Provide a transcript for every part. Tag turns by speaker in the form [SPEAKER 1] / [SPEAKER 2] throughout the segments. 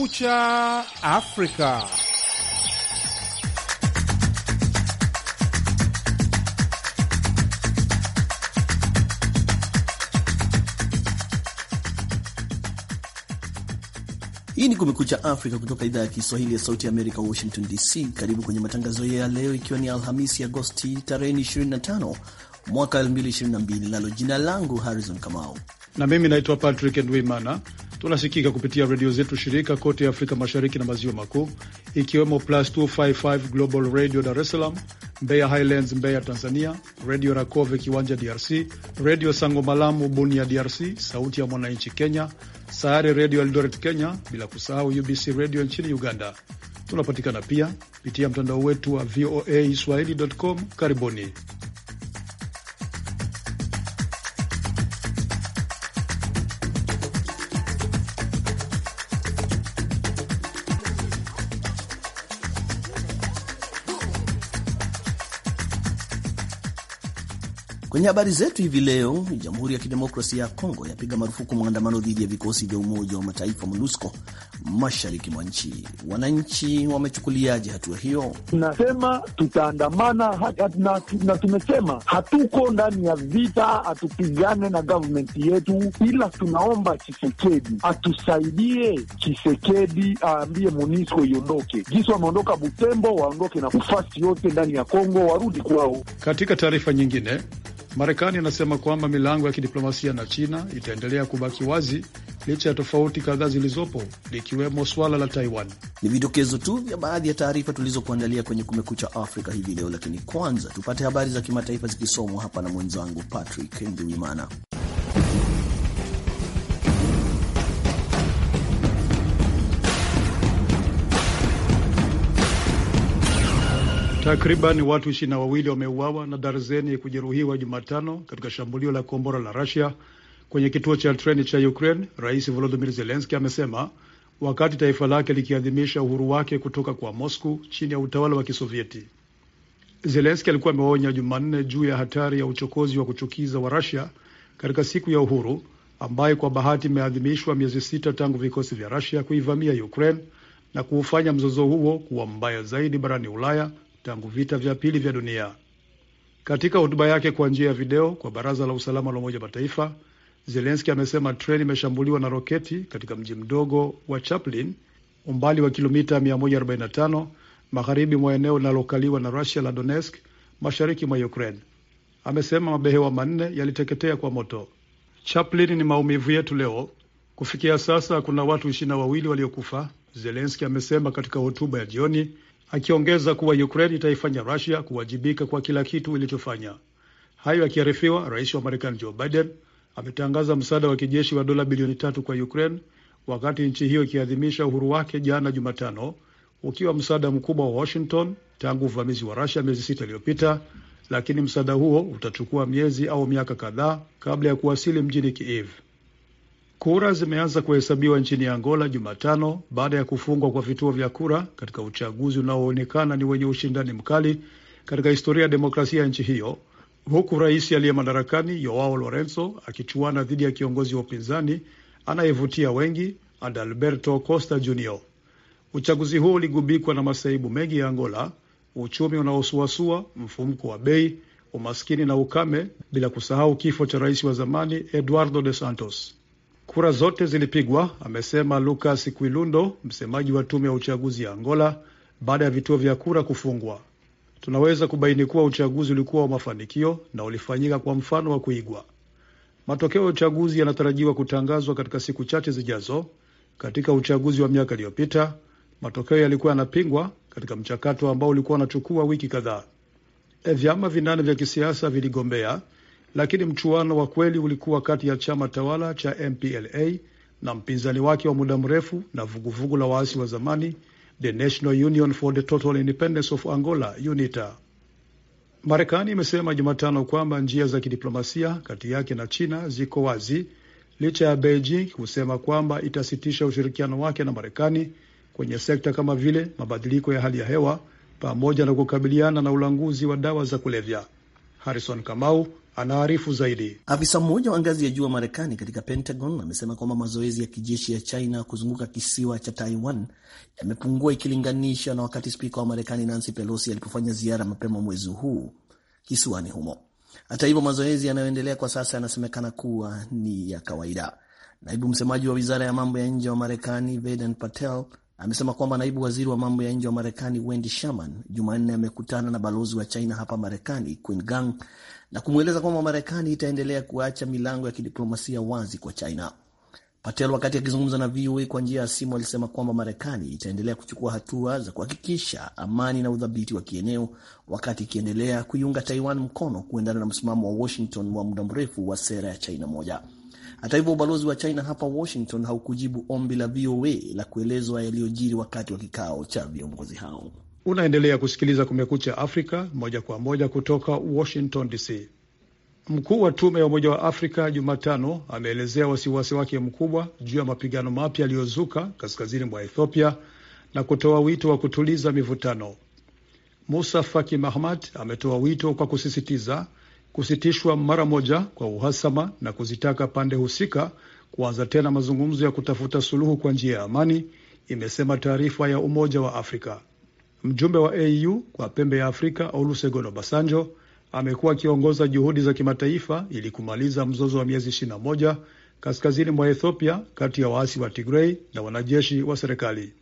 [SPEAKER 1] Kumekucha Afrika.
[SPEAKER 2] Hii ni Kumekucha Afrika kutoka idhaa ya Kiswahili ya Sauti ya Amerika, Washington DC. Karibu kwenye matangazo ya leo, ikiwa ni Alhamisi Agosti tarehe 25 mwaka 2022, nalo jina langu Harrison Kamau na mimi naitwa
[SPEAKER 3] Patrick Ndwimana. Tunasikika kupitia redio zetu shirika kote Afrika Mashariki na Maziwa Makuu, ikiwemo Plus 255 Global Radio Dar es Salaam, Mbeya Highlands Mbeya Tanzania, Redio Rakove Kiwanja DRC, Redio Sango Malamu Bunia DRC, Sauti ya Mwananchi Kenya, Sayare Redio Eldoret Kenya, bila kusahau UBC Redio nchini Uganda. Tunapatikana pia kupitia mtandao wetu wa VOA Swahili.com. Karibuni.
[SPEAKER 2] Kwenye habari zetu hivi leo, Jamhuri ya Kidemokrasia ya Kongo yapiga marufuku maandamano dhidi ya vikosi vya Umoja wa Mataifa MONUSCO mashariki mwa nchi. Wananchi wamechukuliaje hatua hiyo? Tunasema tutaandamana na, na tumesema hatuko ndani ya vita, hatupigane na gavmenti yetu, ila
[SPEAKER 3] tunaomba Chisekedi atusaidie. Chisekedi aambie MONUSCO iondoke, jisi wameondoka Butembo waondoke na nafasi yote ndani ya Kongo, warudi kwao. Katika taarifa nyingine Marekani anasema kwamba milango ya kidiplomasia na China itaendelea kubaki
[SPEAKER 2] wazi licha ya tofauti kadhaa zilizopo likiwemo swala la Taiwan. Ni vidokezo tu vya baadhi ya taarifa tulizokuandalia kwenye Kumekucha Afrika hivi leo, lakini kwanza tupate habari za kimataifa zikisomwa hapa na mwenzangu Patrick nduimana
[SPEAKER 3] Takriban watu ishirini na wawili wameuawa na darzeni kujeruhiwa Jumatano katika shambulio la kombora la Russia kwenye kituo cha treni cha Ukraine, Rais Volodymyr Zelensky amesema wakati taifa lake likiadhimisha uhuru wake kutoka kwa Mosku chini ya utawala wa Kisovieti. Zelensky alikuwa ameonya Jumanne juu ya hatari ya uchokozi wa kuchukiza wa Russia katika siku ya uhuru ambayo kwa bahati imeadhimishwa miezi sita tangu vikosi vya Russia kuivamia Ukraine na kuufanya mzozo huo kuwa mbaya zaidi barani Ulaya tangu vita vya pili vya dunia. Katika hotuba yake kwa njia ya video kwa Baraza la Usalama la Umoja Mataifa, Zelenski amesema treni imeshambuliwa na roketi katika mji mdogo wa Chaplin, umbali wa kilomita 145 magharibi mwa eneo linalokaliwa na Rusia la Donetsk, mashariki mwa Ukraine. Amesema mabehewa manne yaliteketea kwa moto. Chaplin ni maumivu yetu leo. Kufikia sasa kuna watu ishirini na wawili waliokufa, Zelenski amesema katika hotuba ya jioni akiongeza kuwa Ukraine itaifanya Rusia kuwajibika kwa kila kitu ilichofanya. Hayo akiarifiwa, rais wa Marekani Joe Biden ametangaza msaada wa kijeshi wa dola bilioni tatu kwa Ukraine wakati nchi hiyo ikiadhimisha uhuru wake jana Jumatano, ukiwa msaada mkubwa wa Washington tangu uvamizi wa Rusia miezi sita iliyopita, lakini msaada huo utachukua miezi au miaka kadhaa kabla ya kuwasili mjini Kiev. Kura zimeanza kuhesabiwa nchini Angola Jumatano baada ya kufungwa kwa vituo vya kura katika uchaguzi unaoonekana ni wenye ushindani mkali katika historia ya demokrasia ya nchi hiyo, huku rais aliye madarakani Joao Lorenzo akichuana dhidi ya kiongozi wa upinzani anayevutia wengi Adalberto Costa Junior. Uchaguzi huo uligubikwa na masaibu mengi ya Angola: uchumi unaosuasua, mfumko wa bei, umaskini na ukame, bila kusahau kifo cha rais wa zamani Eduardo de Santos. Kura zote zilipigwa, amesema Lucas Quilundo, msemaji wa tume ya uchaguzi ya Angola, baada ya vituo vya kura kufungwa. Tunaweza kubaini kuwa uchaguzi ulikuwa wa mafanikio na ulifanyika kwa mfano wa kuigwa. Matokeo ya uchaguzi yanatarajiwa kutangazwa katika siku chache zijazo. Katika uchaguzi wa miaka iliyopita, matokeo yalikuwa yanapingwa katika mchakato ambao ulikuwa unachukua wiki kadhaa. Eh, vyama vinane vya kisiasa viligombea lakini mchuano wa kweli ulikuwa kati ya chama tawala cha MPLA na mpinzani wake wa muda mrefu na vuguvugu vugu la waasi wa zamani The National Union for the Total Independence of Angola, UNITA. Marekani imesema Jumatano kwamba njia za kidiplomasia kati yake na China ziko wazi licha ya Beijing kusema kwamba itasitisha ushirikiano wake na Marekani kwenye sekta kama vile mabadiliko ya hali ya hewa pamoja na kukabiliana na ulanguzi wa dawa za kulevya.
[SPEAKER 2] Harrison Kamau anaarifu zaidi. Afisa mmoja wa ngazi ya juu wa Marekani katika Pentagon amesema kwamba mazoezi ya kijeshi ya China kuzunguka kisiwa cha Taiwan yamepungua ikilinganisha na wakati spika wa Marekani Nancy Pelosi alipofanya ziara mapema mwezi huu kisiwani humo. Hata hivyo, mazoezi yanayoendelea kwa sasa yanasemekana kuwa ni ya kawaida. Naibu msemaji wa wizara ya mambo ya nje wa Marekani Vedant Patel amesema kwamba naibu waziri wa mambo ya nje wa Marekani Wendy Sherman Jumanne amekutana na balozi wa China hapa Marekani Qin Gang na kumweleza kwamba Marekani itaendelea kuacha milango ya kidiplomasia wazi kwa China. Patel wakati akizungumza na VOA kwa njia ya simu alisema kwamba Marekani itaendelea kuchukua hatua za kuhakikisha amani na udhabiti wa kieneo wakati ikiendelea kuiunga Taiwan mkono kuendana na msimamo wa Washington wa muda mrefu wa sera ya China moja. Hata hivyo, ubalozi wa China hapa Washington haukujibu ombi la VOA la kuelezwa yaliyojiri wakati wa kikao cha viongozi hao.
[SPEAKER 3] Unaendelea kusikiliza Kumekucha Afrika moja kwa moja kutoka Washington DC. Mkuu wa tume ya Umoja wa Afrika Jumatano ameelezea wasiwasi wake mkubwa juu ya mapigano mapya yaliyozuka kaskazini mwa Ethiopia na kutoa wito wa kutuliza mivutano. Musa Faki Mahamat ametoa wito kwa kusisitiza kusitishwa mara moja kwa uhasama na kuzitaka pande husika kuanza tena mazungumzo ya kutafuta suluhu kwa njia ya amani, imesema taarifa ya Umoja wa Afrika. Mjumbe wa AU kwa pembe ya Afrika Olusegun Obasanjo amekuwa akiongoza juhudi za kimataifa ili kumaliza mzozo wa miezi 21 kaskazini mwa Ethiopia kati ya waasi wa Tigrei na wanajeshi wa serikali.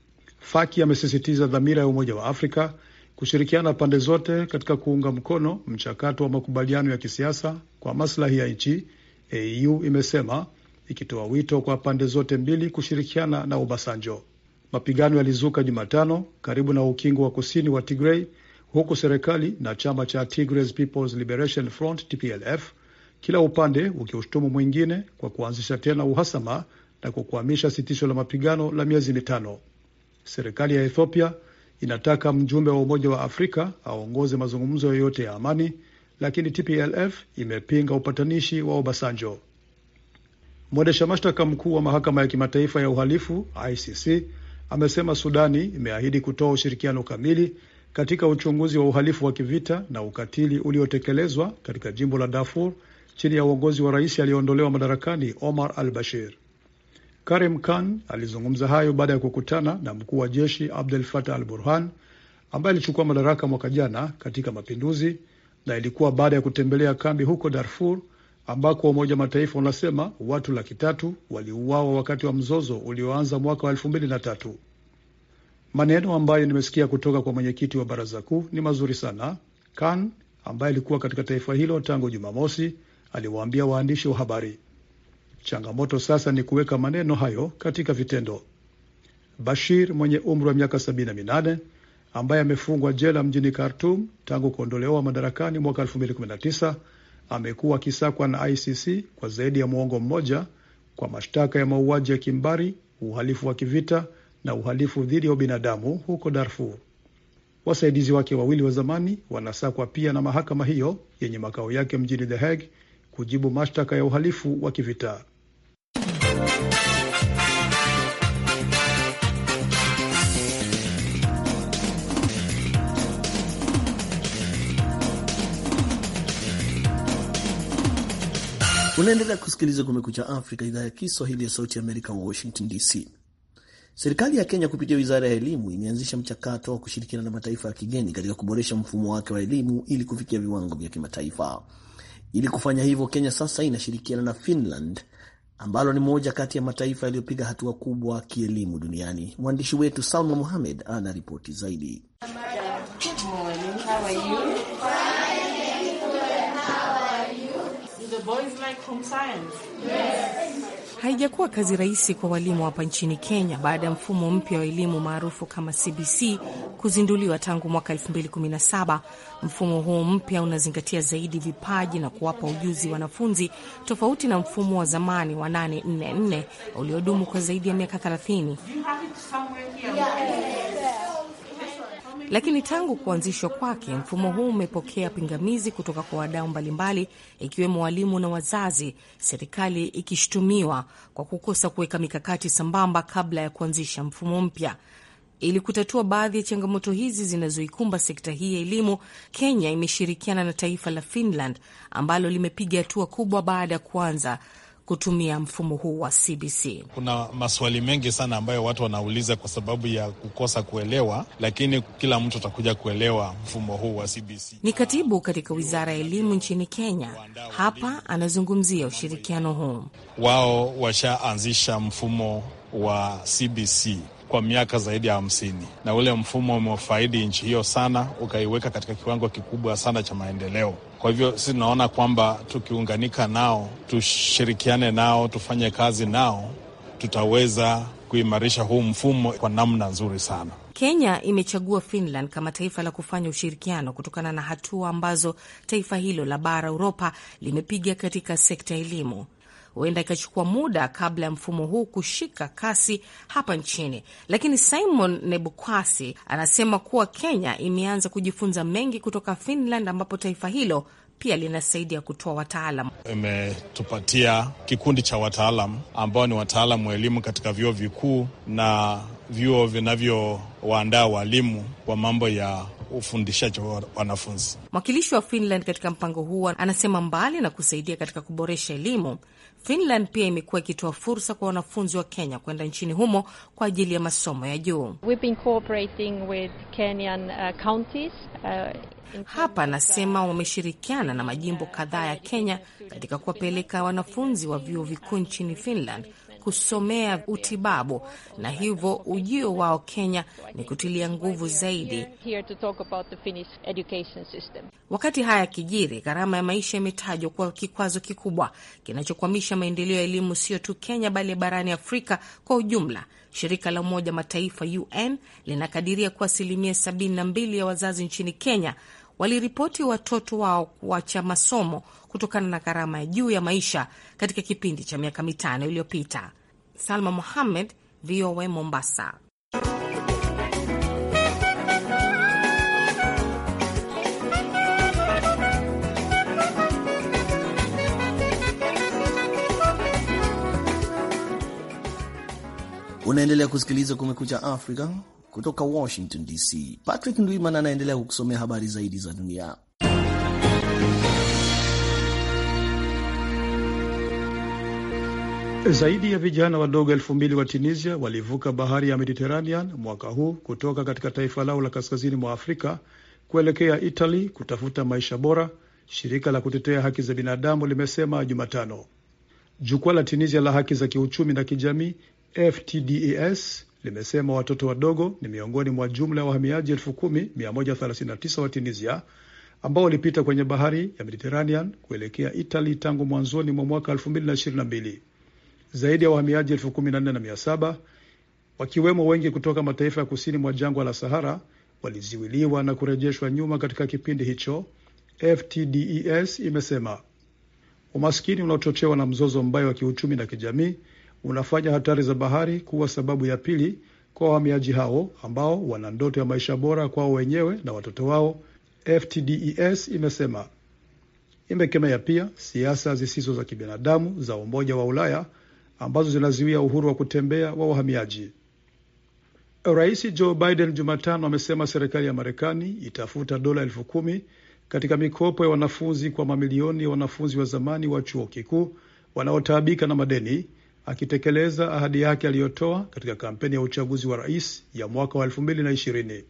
[SPEAKER 3] Faki amesisitiza dhamira ya Umoja wa Afrika kushirikiana pande zote katika kuunga mkono mchakato wa makubaliano ya kisiasa kwa maslahi ya nchi, AU imesema ikitoa wito kwa pande zote mbili kushirikiana na Obasanjo. Mapigano yalizuka Jumatano karibu na ukingo wa kusini wa Tigray huku serikali na chama cha Tigray People's Liberation Front TPLF kila upande ukiushtumu mwingine kwa kuanzisha tena uhasama na kukwamisha sitisho la mapigano la miezi mitano. Serikali ya Ethiopia inataka mjumbe wa Umoja wa Afrika aongoze mazungumzo yoyote ya amani, lakini TPLF imepinga upatanishi wa Obasanjo. Mwendesha mashtaka mkuu wa mahakama ya kimataifa ya uhalifu ICC amesema Sudani imeahidi kutoa ushirikiano kamili katika uchunguzi wa uhalifu wa kivita na ukatili uliotekelezwa katika jimbo la Darfur chini ya uongozi wa rais aliyeondolewa madarakani Omar al Bashir. Karim Khan alizungumza hayo baada ya kukutana na mkuu wa jeshi Abdel Fattah al Burhan ambaye alichukua madaraka mwaka jana katika mapinduzi, na ilikuwa baada ya kutembelea kambi huko Darfur ambako Umoja Mataifa unasema watu laki tatu waliuawa wakati wa mzozo ulioanza mwaka wa elfu mbili na tatu. Maneno ambayo nimesikia kutoka kwa mwenyekiti wa baraza kuu ni mazuri sana. Khan ambaye alikuwa katika taifa hilo tangu Jumamosi aliwaambia waandishi wa habari, changamoto sasa ni kuweka maneno hayo katika vitendo. Bashir mwenye umri wa miaka sabini na minane ambaye amefungwa jela mjini Khartum tangu kuondolewa madarakani mwaka tisa amekuwa akisakwa na ICC kwa zaidi ya mwongo mmoja kwa mashtaka ya mauaji ya kimbari, uhalifu wa kivita na uhalifu dhidi ya ubinadamu huko Darfur. Wasaidizi wake wawili wa zamani wanasakwa pia na mahakama hiyo yenye makao yake mjini The Hague kujibu mashtaka ya uhalifu wa kivita.
[SPEAKER 2] Unaendelea kusikiliza Kumekucha Afrika, idhaa ya Kiswahili ya Sauti ya Amerika, Washington DC. Serikali ya Kenya kupitia wizara ya elimu imeanzisha mchakato wa kushirikiana na mataifa ya kigeni katika kuboresha mfumo wake wa elimu ili kufikia viwango vya kimataifa. Ili kufanya hivyo, Kenya sasa inashirikiana na Finland ambalo ni moja kati ya mataifa yaliyopiga hatua kubwa kielimu duniani. Mwandishi wetu Salma muhamed ana ripoti
[SPEAKER 4] zaidi. Good morning. How are you? Like haijakuwa kazi rahisi kwa walimu hapa nchini Kenya baada ya mfumo mpya wa elimu maarufu kama CBC kuzinduliwa tangu mwaka 2017. Mfumo huu mpya unazingatia zaidi vipaji na kuwapa ujuzi wanafunzi, tofauti na mfumo wa zamani wa 844 uliodumu kwa zaidi ya miaka 30. Lakini tangu kuanzishwa kwake, mfumo huu umepokea pingamizi kutoka kwa wadau mbalimbali, ikiwemo walimu na wazazi, serikali ikishutumiwa kwa kukosa kuweka mikakati sambamba kabla ya kuanzisha mfumo mpya. Ili kutatua baadhi ya changamoto hizi zinazoikumba sekta hii ya elimu, Kenya imeshirikiana na taifa la Finland ambalo limepiga hatua kubwa baada ya kuanza kutumia mfumo huu wa CBC.
[SPEAKER 1] Kuna maswali mengi sana ambayo watu wanauliza kwa sababu ya kukosa kuelewa, lakini kila mtu atakuja kuelewa mfumo huu wa CBC.
[SPEAKER 4] Ni katibu katika wizara ya elimu nchini Kenya, hapa anazungumzia ushirikiano huu.
[SPEAKER 1] Wao washaanzisha mfumo wa CBC kwa miaka zaidi ya hamsini, na ule mfumo umefaidi nchi hiyo sana, ukaiweka katika kiwango kikubwa sana cha maendeleo. Kwa hivyo sisi tunaona kwamba tukiunganika nao, tushirikiane nao, tufanye kazi nao, tutaweza kuimarisha huu mfumo kwa namna nzuri sana.
[SPEAKER 4] Kenya imechagua Finland kama taifa la kufanya ushirikiano kutokana na hatua ambazo taifa hilo la bara Uropa limepiga katika sekta ya elimu huenda ikachukua muda kabla ya mfumo huu kushika kasi hapa nchini, lakini Simon Nebukwasi anasema kuwa Kenya imeanza kujifunza mengi kutoka Finland, ambapo taifa hilo pia linasaidia kutoa wataalam.
[SPEAKER 1] Imetupatia kikundi cha wataalam ambao ni wataalam wa elimu katika vyuo vikuu na vyuo vinavyowaandaa walimu kwa mambo ya ufundishaji wa wanafunzi.
[SPEAKER 4] Mwakilishi wa Finland katika mpango huo anasema mbali na kusaidia katika kuboresha elimu, Finland pia imekuwa ikitoa fursa kwa wanafunzi wa Kenya kwenda nchini humo kwa ajili ya masomo ya juu. Uh,
[SPEAKER 5] uh,
[SPEAKER 4] Hapa anasema wameshirikiana na majimbo kadhaa ya Kenya katika kuwapeleka wanafunzi wa vyuo vikuu nchini Finland kusomea utibabu, na hivyo ujio wao Kenya ni kutilia nguvu zaidi. Wakati haya kijiri, gharama ya maisha imetajwa kuwa kikwazo kikubwa kinachokwamisha maendeleo ya elimu, sio tu Kenya bali barani Afrika kwa ujumla. Shirika la Umoja Mataifa UN linakadiria kuwa asilimia 72 ya wazazi nchini Kenya waliripoti watoto wao kuacha masomo kutokana na gharama ya juu ya maisha katika kipindi cha miaka mitano iliyopita. Salma muhammed VOA Mombasa.
[SPEAKER 2] Unaendelea kusikiliza Kumekucha Afrika kutoka Washington DC. Patrick Ndwimana anaendelea kukusomea habari zaidi za dunia. Zaidi ya vijana
[SPEAKER 3] wadogo elfu mbili wa Tunisia walivuka bahari ya Mediterranean mwaka huu kutoka katika taifa lao la kaskazini mwa Afrika kuelekea Italy kutafuta maisha bora, shirika la kutetea haki za binadamu limesema Jumatano. Jukwaa la Tunisia la haki za kiuchumi na kijamii FTDES limesema watoto wadogo ni miongoni mwa jumla ya wahamiaji elfu kumi mia moja thelathini na tisa wa Tunisia ambao walipita kwenye bahari ya Mediterranean kuelekea Italy tangu mwanzoni mwa mwaka elfu mbili na ishirini na mbili zaidi ya wahamiaji elfu kumi na nne na mia saba wakiwemo wengi kutoka mataifa ya kusini mwa jangwa la Sahara waliziwiliwa na kurejeshwa nyuma katika kipindi hicho, FTDES imesema. Umaskini unaochochewa na mzozo mbaya wa kiuchumi na kijamii unafanya hatari za bahari kuwa sababu ya pili kwa wahamiaji hao ambao wana ndoto ya maisha bora kwao wenyewe na watoto wao, FTDES imesema. Imekemea pia siasa zisizo za kibinadamu za Umoja wa Ulaya ambazo zinaziwia uhuru wa kutembea wa wahamiaji. Rais Joe Biden Jumatano amesema serikali ya Marekani itafuta dola elfu kumi katika mikopo ya wanafunzi kwa mamilioni ya wanafunzi wa zamani wa chuo kikuu wanaotaabika na madeni, akitekeleza ahadi yake aliyotoa katika kampeni ya uchaguzi wa rais ya mwaka wa elfu mbili na ishirini.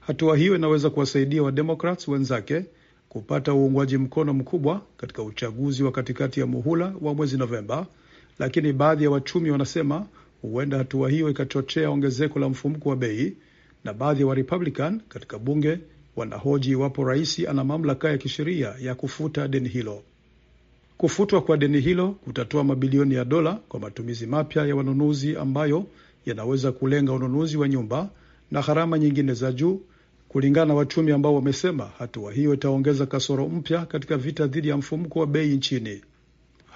[SPEAKER 3] Hatua hiyo inaweza kuwasaidia Wademokrats wenzake kupata uungwaji mkono mkubwa katika uchaguzi wa katikati ya muhula wa mwezi Novemba lakini baadhi ya wachumi wanasema huenda hatua hiyo ikachochea ongezeko la mfumuko wa bei, na baadhi ya wa Republican katika bunge wanahoji iwapo rais ana mamlaka ya kisheria ya kufuta deni hilo. Kufutwa kwa deni hilo kutatoa mabilioni ya dola kwa matumizi mapya ya wanunuzi ambayo yanaweza kulenga ununuzi wa nyumba na gharama nyingine za juu, kulingana na wachumi ambao wamesema hatua hiyo itaongeza kasoro mpya katika vita dhidi ya mfumuko wa bei nchini.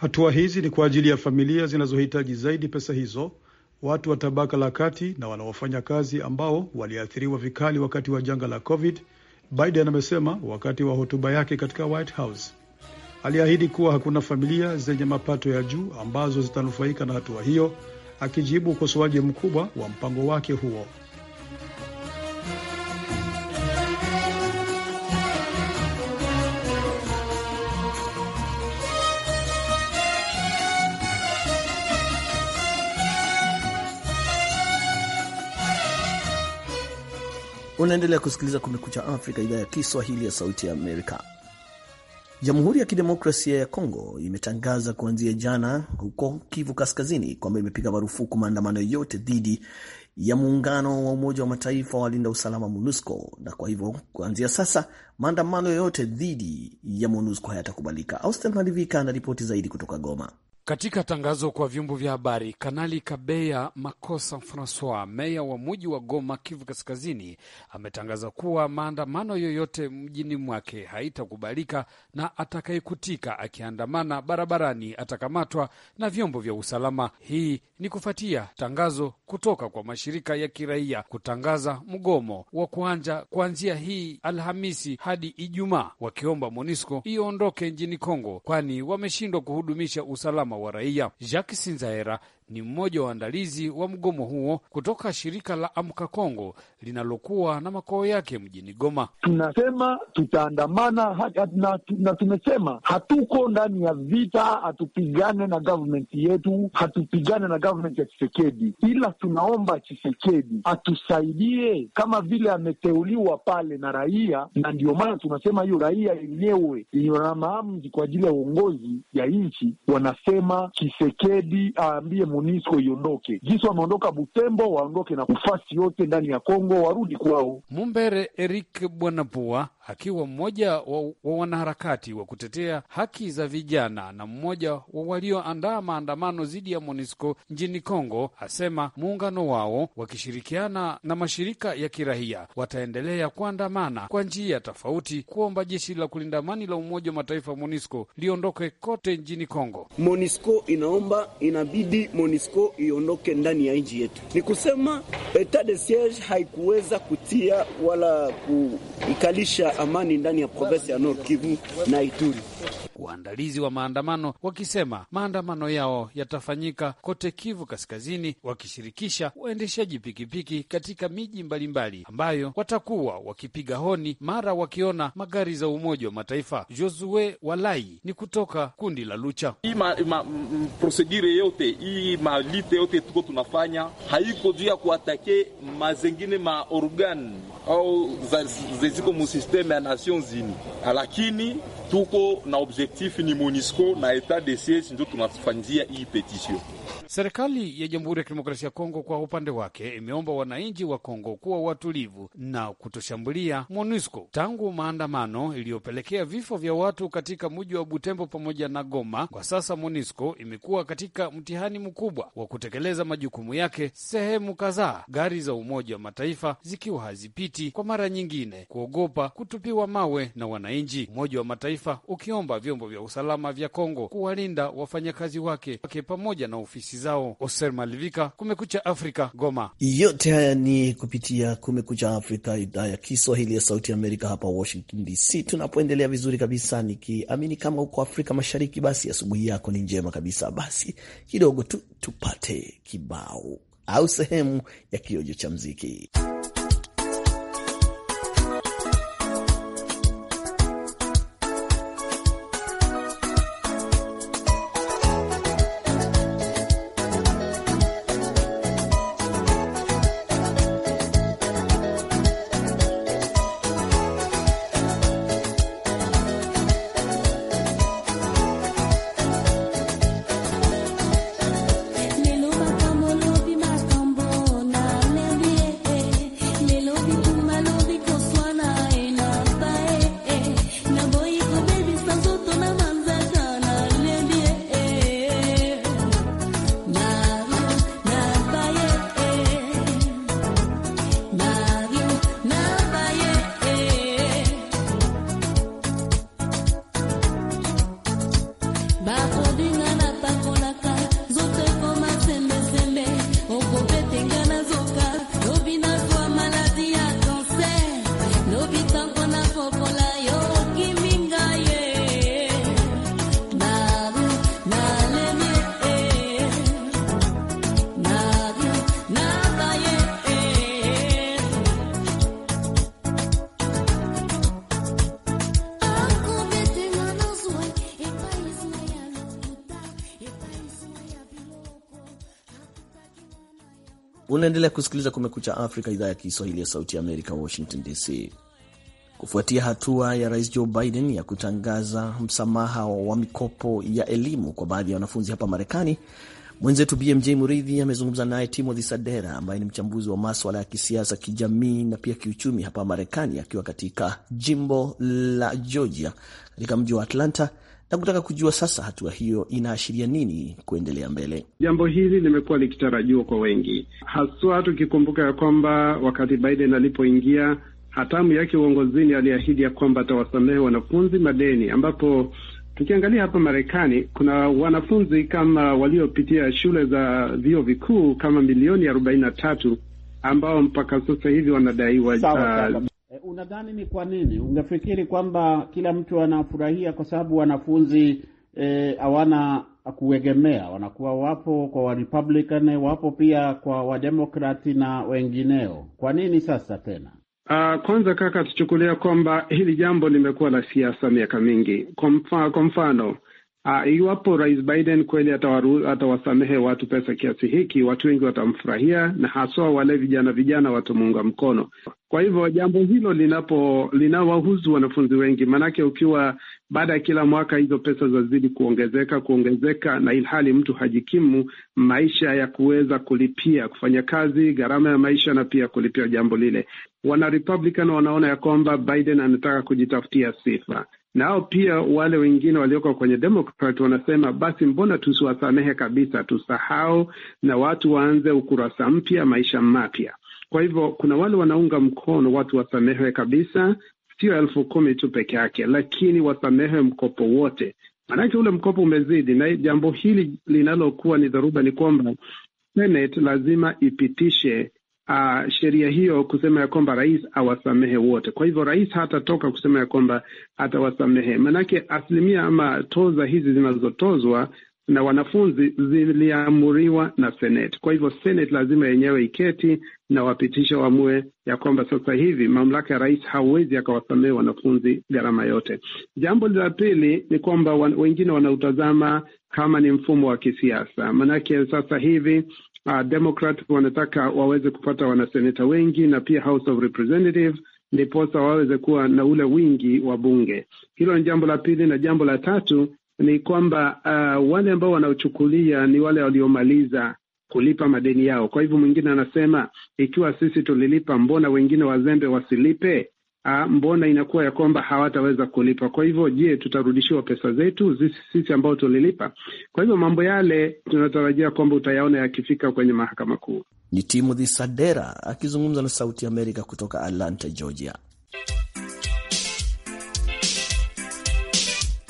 [SPEAKER 3] Hatua hizi ni kwa ajili ya familia zinazohitaji zaidi pesa hizo, watu wa tabaka la kati na wanaofanya kazi ambao waliathiriwa vikali wakati wa janga la COVID, Biden amesema wakati wa hotuba yake katika White House. Aliahidi kuwa hakuna familia zenye mapato ya juu ambazo zitanufaika na hatua hiyo, akijibu ukosoaji mkubwa wa mpango wake huo.
[SPEAKER 2] Unaendelea kusikiliza Kumekucha Afrika, idhaa ya Kiswahili ya Sauti ya Amerika. Jamhuri ya Kidemokrasia ya Kongo imetangaza kuanzia jana huko Kivu Kaskazini kwamba imepiga marufuku maandamano yote dhidi ya muungano wa Umoja wa Mataifa walinda usalama MONUSCO, na kwa hivyo kuanzia sasa maandamano yoyote dhidi ya MONUSCO hayatakubalika. Austel Malivika ana ripoti zaidi kutoka Goma.
[SPEAKER 6] Katika tangazo kwa vyombo vya habari, Kanali Kabeya Makosa Francois, meya wa muji wa Goma, Kivu Kaskazini, ametangaza kuwa maandamano yoyote mjini mwake haitakubalika na atakayekutika akiandamana barabarani atakamatwa na vyombo vya usalama. Hii ni kufuatia tangazo kutoka kwa mashirika ya kiraia kutangaza mgomo wa kuanja kuanzia hii Alhamisi hadi Ijumaa, wakiomba MONUSCO iondoke nchini Kongo, kwani wameshindwa kuhudumisha usalama mahakama Jacques Sinzaera ni mmoja wa waandalizi wa mgomo huo kutoka shirika la Amka Kongo linalokuwa na makao yake mjini Goma.
[SPEAKER 3] Tunasema tutaandamana na, na tumesema hatuko ndani ya vita, hatupigane na gavmenti yetu, hatupigane na gavumenti ya Chisekedi, ila tunaomba Chisekedi atusaidie kama vile ameteuliwa pale na raia, na ndio maana tunasema hiyo raia yenyewe yenye na maamuzi kwa ajili ya uongozi ya nchi wanasema Chisekedi aambie MONUSCO iondoke. Jinsi wameondoka Butembo, waondoke na kufasi yote ndani ya Kongo, warudi kwao.
[SPEAKER 6] Mumbere Eric Bwanapua akiwa mmoja wa wanaharakati wa kutetea haki za vijana na mmoja wa walioandaa maandamano dhidi ya MONUSCO nchini Kongo, asema muungano wao wakishirikiana na mashirika ya kirahia wataendelea kuandamana kwa njia tofauti kuomba jeshi la kulinda amani la Umoja wa Mataifa MONUSCO liondoke kote nchini Kongo.
[SPEAKER 2] MONUSCO inaomba, inabidi MONUSCO iondoke ndani ya nchi yetu. Ni kusema etat de siege haikuweza kutia wala kuikalisha amani ndani ya provinsi ya Nord Kivu na Ituri.
[SPEAKER 6] Waandalizi wa maandamano wakisema maandamano yao yatafanyika kote Kivu Kaskazini, wakishirikisha waendeshaji pikipiki katika miji mbalimbali ambayo watakuwa wakipiga honi mara wakiona magari za Umoja wa Mataifa. Josue Walai ni kutoka kundi la Lucha. Hii mm, prosedure yote hii malite yote tuko tunafanya haiko juu ya kuatake mazengine maorgan
[SPEAKER 3] au zeziko musistemu sema ya Nations Unies, ah, lakini tuko na objectif ni MONUSCO na etat de siege, ndio tunafanyia hii petition.
[SPEAKER 6] Serikali ya Jamhuri ya Kidemokrasia ya Kongo kwa upande wake imeomba wananchi wa Kongo kuwa watulivu na kutoshambulia MONUSCO tangu maandamano iliyopelekea vifo vya watu katika mji wa Butembo pamoja na Goma. Kwa sasa MONUSCO imekuwa katika mtihani mkubwa wa kutekeleza majukumu yake, sehemu kadhaa gari za Umoja wa Mataifa zikiwa hazipiti kwa mara nyingine kuogopa kutu kutupiwa mawe na wananchi, Umoja wa Mataifa ukiomba vyombo vya usalama vya Kongo kuwalinda wafanyakazi wake wake pamoja na ofisi zao. Oser Malivika, Kumekucha Afrika, Goma.
[SPEAKER 2] Yote haya ni kupitia Kumekucha Afrika, idhaa ya Kiswahili ya Sauti ya Amerika hapa Washington DC, tunapoendelea vizuri kabisa, nikiamini kama uko Afrika Mashariki, basi asubuhi yako ni njema kabisa. Basi kidogo tu tupate kibao au sehemu ya kiojo cha mziki. Unaendelea kusikiliza Kumekucha Afrika, idhaa ya Kiswahili ya Sauti ya Amerika, Washington DC. Kufuatia hatua ya Rais Joe Biden ya kutangaza msamaha wa mikopo ya elimu kwa baadhi ya wanafunzi hapa Marekani, mwenzetu BMJ Muridhi amezungumza naye Timothy Sadera ambaye ni mchambuzi wa maswala ya kisiasa, kijamii na pia kiuchumi hapa Marekani, akiwa katika jimbo la Georgia katika mji wa Atlanta na kutaka kujua sasa hatua hiyo inaashiria nini kuendelea mbele.
[SPEAKER 5] Jambo hili limekuwa likitarajiwa kwa wengi, haswa tukikumbuka ya kwamba wakati Biden alipoingia hatamu yake uongozini aliahidi ya kwamba atawasamehe wanafunzi madeni, ambapo tukiangalia hapa Marekani kuna wanafunzi kama waliopitia shule za vyuo vikuu kama milioni arobaini na tatu ambao mpaka sasa hivi wanadaiwa
[SPEAKER 7] Unadhani ni kwa nini? Ungefikiri kwamba kila mtu anafurahia kwa sababu wanafunzi eh, hawana e, kuegemea, wanakuwa wapo kwa wa Republican, wapo pia kwa wademokrati na wengineo. Kwa nini sasa tena? Uh,
[SPEAKER 5] kwanza kaka, tuchukulia kwamba hili jambo limekuwa la siasa miaka mingi. Kwa mfano Uh, iwapo Rais Biden kweli atawaru, atawasamehe watu pesa kiasi hiki, watu wengi watamfurahia na haswa wale vijana vijana watamuunga mkono. Kwa hivyo jambo hilo linapo linawahusu wanafunzi wengi, maanake ukiwa baada ya kila mwaka hizo pesa zazidi kuongezeka kuongezeka, na ilhali mtu hajikimu maisha ya kuweza kulipia kufanya kazi, gharama ya maisha na pia kulipia jambo lile. Wana Republican wanaona ya kwamba Biden anataka kujitafutia sifa, nao pia wale wengine walioko kwenye Demokrat wanasema basi, mbona tusiwasamehe kabisa, tusahau na watu waanze ukurasa mpya, maisha mapya. Kwa hivyo kuna wale wanaunga mkono watu wasamehewe kabisa, sio elfu kumi tu peke yake, lakini wasamehwe mkopo wote, maanake ule mkopo umezidi. Na jambo hili linalokuwa ni dharuba ni kwamba Senate lazima ipitishe Uh, sheria hiyo kusema ya kwamba rais awasamehe wote. Kwa hivyo rais hatatoka kusema ya kwamba atawasamehe, manake asilimia ama toza hizi zinazotozwa na wanafunzi ziliamuriwa na Senate. Kwa hivyo Senate lazima yenyewe iketi na wapitisha wamue ya kwamba sasa hivi mamlaka ya rais hawezi akawasamehe wanafunzi gharama yote. Jambo la pili ni kwamba wengine wanautazama kama ni mfumo wa kisiasa, maanake sasa hivi uh, Democrat wanataka waweze kupata wanaseneta wengi na pia House of Representative ndiposa waweze kuwa na ule wingi wa bunge. Hilo ni jambo la pili, na jambo la tatu ni kwamba uh, wale ambao wanaochukulia ni wale waliomaliza kulipa madeni yao. Kwa hivyo mwingine anasema ikiwa sisi tulilipa, mbona wengine wazembe wasilipe? Uh, mbona inakuwa ya kwamba hawataweza kulipa? Kwa hivyo je, tutarudishiwa pesa zetu sisi ambao tulilipa? Kwa hivyo mambo yale tunatarajia kwamba utayaona yakifika
[SPEAKER 2] kwenye mahakama kuu. Ni Timothy Sadera akizungumza na Sauti Amerika kutoka Atlanta, Georgia.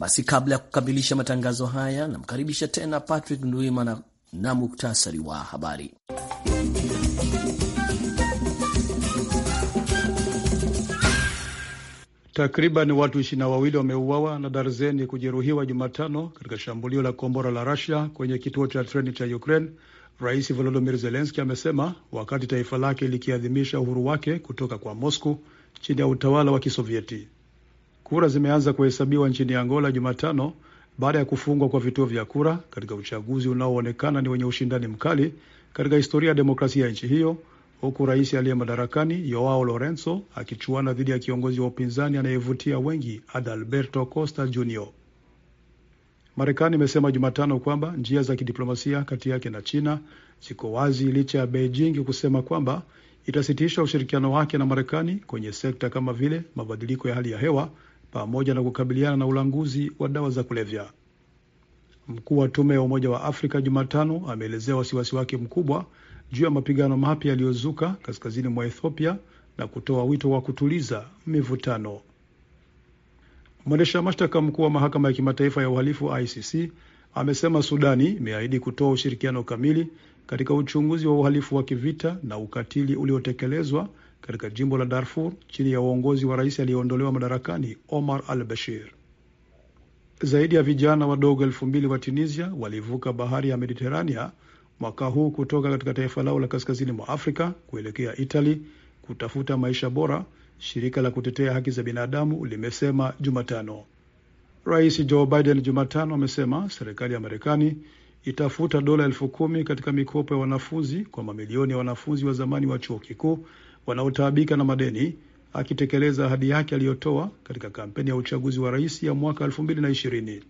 [SPEAKER 2] Basi kabla ya kukamilisha matangazo haya, namkaribisha tena Patrick Ndwimana na, na muktasari wa habari.
[SPEAKER 3] Takriban watu ishirini na wawili wameuawa na darzeni kujeruhiwa Jumatano katika shambulio la kombora la rasia kwenye kituo cha treni cha Ukraine, Rais volodimir zelenski amesema wakati taifa lake likiadhimisha uhuru wake kutoka kwa Moscow chini ya utawala wa Kisovieti. Kura zimeanza kuhesabiwa nchini Angola Jumatano baada ya kufungwa kwa vituo vya kura katika uchaguzi unaoonekana ni wenye ushindani mkali katika historia ya demokrasia ya nchi hiyo, huku rais aliye madarakani Joao Lorenzo akichuana dhidi ya kiongozi wa upinzani anayevutia wengi Adalberto Costa Jr. Marekani imesema Jumatano kwamba njia za kidiplomasia kati yake na China ziko wazi licha ya Beijing kusema kwamba itasitisha ushirikiano wake na Marekani kwenye sekta kama vile mabadiliko ya hali ya hewa pamoja na kukabiliana na ulanguzi wa dawa za kulevya. Mkuu wa tume ya Umoja wa Afrika Jumatano ameelezea wasiwasi wake mkubwa juu ya mapigano mapya yaliyozuka kaskazini mwa Ethiopia na kutoa wito wa kutuliza mivutano. Mwendesha mashtaka mkuu wa mahakama ya kimataifa ya uhalifu ICC amesema Sudani imeahidi kutoa ushirikiano kamili katika uchunguzi wa uhalifu wa kivita na ukatili uliotekelezwa katika jimbo la Darfur chini ya uongozi wa rais aliyeondolewa madarakani Omar al-Bashir. Zaidi ya vijana wadogo elfu mbili wa Tunisia walivuka bahari ya Mediterania mwaka huu kutoka katika taifa lao la kaskazini mwa Afrika kuelekea Italy kutafuta maisha bora, shirika la kutetea haki za binadamu limesema Jumatano. Rais Joe Biden Jumatano amesema serikali ya Marekani itafuta dola elfu kumi katika mikopo ya wanafunzi kwa mamilioni ya wanafunzi wa zamani wa chuo kikuu wanaotaabika na madeni, akitekeleza ahadi yake aliyotoa katika kampeni ya uchaguzi wa rais ya mwaka
[SPEAKER 2] 2020.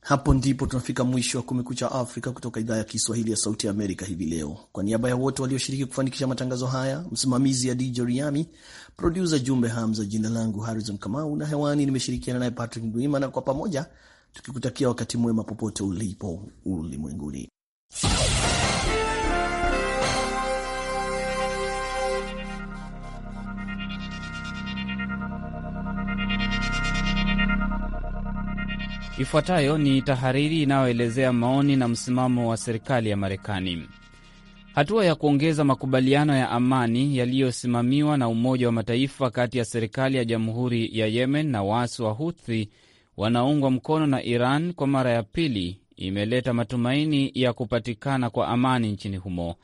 [SPEAKER 2] Hapo ndipo tunafika mwisho wa Kumekucha Afrika kutoka idhaa ya Kiswahili ya Sauti ya Amerika hivi leo. Kwa niaba ya wote walioshiriki kufanikisha matangazo haya, msimamizi ya DJ Riami, produsa Jumbe Hamza, jina langu Harrison Kamau na hewani nimeshirikiana naye Patrick Ndwimana, kwa pamoja tukikutakia wakati mwema popote ulipo ulimwenguni.
[SPEAKER 7] Ifuatayo ni tahariri inayoelezea maoni na msimamo wa serikali ya Marekani. Hatua ya kuongeza makubaliano ya amani yaliyosimamiwa na Umoja wa Mataifa kati ya serikali ya Jamhuri ya Yemen na waasi wa Huthi wanaoungwa mkono na Iran kwa mara ya pili imeleta matumaini ya kupatikana kwa amani nchini humo.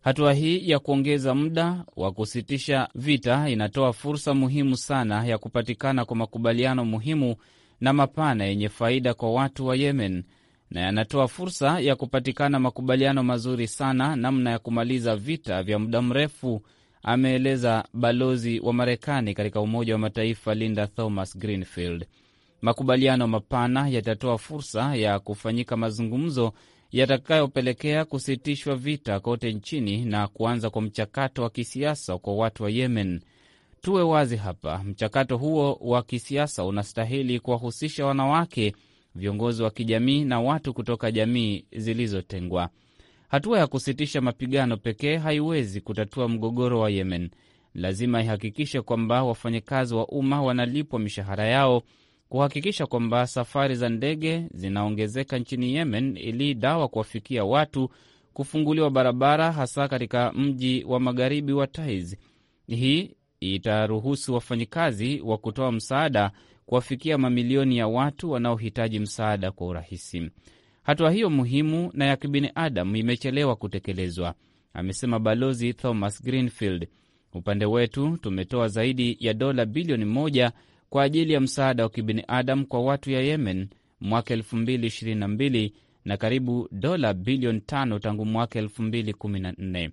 [SPEAKER 7] Hatua hii ya kuongeza muda wa kusitisha vita inatoa fursa muhimu sana ya kupatikana kwa makubaliano muhimu na mapana yenye faida kwa watu wa Yemen na yanatoa fursa ya kupatikana makubaliano mazuri sana namna ya kumaliza vita vya muda mrefu, ameeleza balozi wa Marekani katika Umoja wa Mataifa Linda Thomas Greenfield. Makubaliano mapana yatatoa fursa ya kufanyika mazungumzo yatakayopelekea kusitishwa vita kote nchini na kuanza kwa mchakato wa kisiasa kwa watu wa Yemen. Tuwe wazi hapa, mchakato huo wa kisiasa unastahili kuwahusisha wanawake, viongozi wa kijamii na watu kutoka jamii zilizotengwa. Hatua ya kusitisha mapigano pekee haiwezi kutatua mgogoro wa Yemen. Lazima ihakikishe kwamba wafanyakazi wa umma wanalipwa mishahara yao, kuhakikisha kwamba safari za ndege zinaongezeka nchini Yemen ili dawa kuwafikia watu, kufunguliwa barabara, hasa katika mji wa magharibi wa Taiz. Hii itaruhusu wafanyikazi wa kutoa msaada kuwafikia mamilioni ya watu wanaohitaji msaada kwa urahisi. Hatua hiyo muhimu na ya kibinadamu imechelewa kutekelezwa, amesema Balozi Thomas Greenfield. Upande wetu tumetoa zaidi ya dola bilioni moja kwa ajili ya msaada wa kibinadamu kwa watu ya Yemen mwaka 2022 na karibu dola bilioni tano tangu mwaka 2014.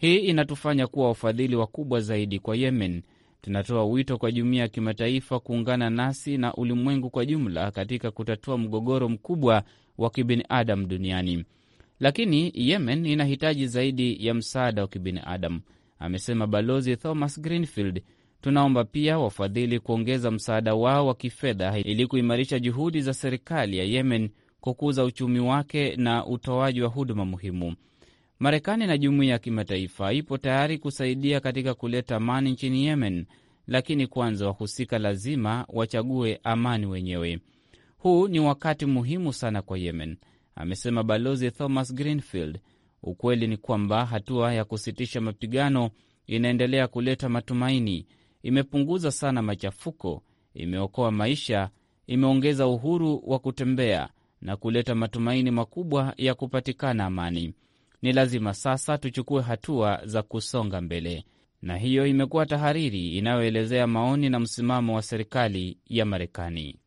[SPEAKER 7] Hii inatufanya kuwa wafadhili wakubwa zaidi kwa Yemen. Tunatoa wito kwa jumuiya ya kimataifa kuungana nasi na ulimwengu kwa jumla katika kutatua mgogoro mkubwa wa kibinadamu duniani, lakini Yemen inahitaji zaidi ya msaada wa kibinadamu, amesema Balozi Thomas Greenfield. Tunaomba pia wafadhili kuongeza msaada wao wa kifedha ili kuimarisha juhudi za serikali ya Yemen kukuza uchumi wake na utoaji wa huduma muhimu. Marekani na jumuiya ya kimataifa ipo tayari kusaidia katika kuleta amani nchini Yemen, lakini kwanza wahusika lazima wachague amani wenyewe. Huu ni wakati muhimu sana kwa Yemen, amesema Balozi Thomas Greenfield. Ukweli ni kwamba hatua ya kusitisha mapigano inaendelea kuleta matumaini, imepunguza sana machafuko, imeokoa maisha, imeongeza uhuru wa kutembea na kuleta matumaini makubwa ya kupatikana amani. Ni lazima sasa tuchukue hatua za kusonga mbele, na hiyo imekuwa tahariri inayoelezea maoni na msimamo wa serikali ya Marekani.